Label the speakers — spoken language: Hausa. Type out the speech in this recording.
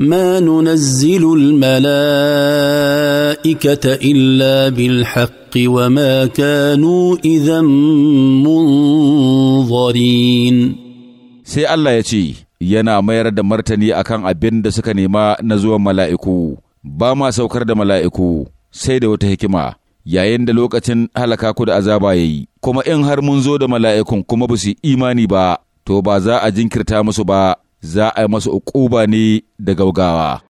Speaker 1: ما ننزل الملائكه الا
Speaker 2: بالحق وما كانوا اذا منظرين sai Allah ya ce yana mayar da martani akan abin da suka nema na zuwan mala'iku ba ma saukar da mala'iku sai da wata hikima yayin da lokacin halaka ku da azaba ya yi kuma in har mun zo da mala'ikun kuma ba su imani ba to ba za a jinkirta musu ba za a yi masu ukuba ne da
Speaker 3: gaugawa.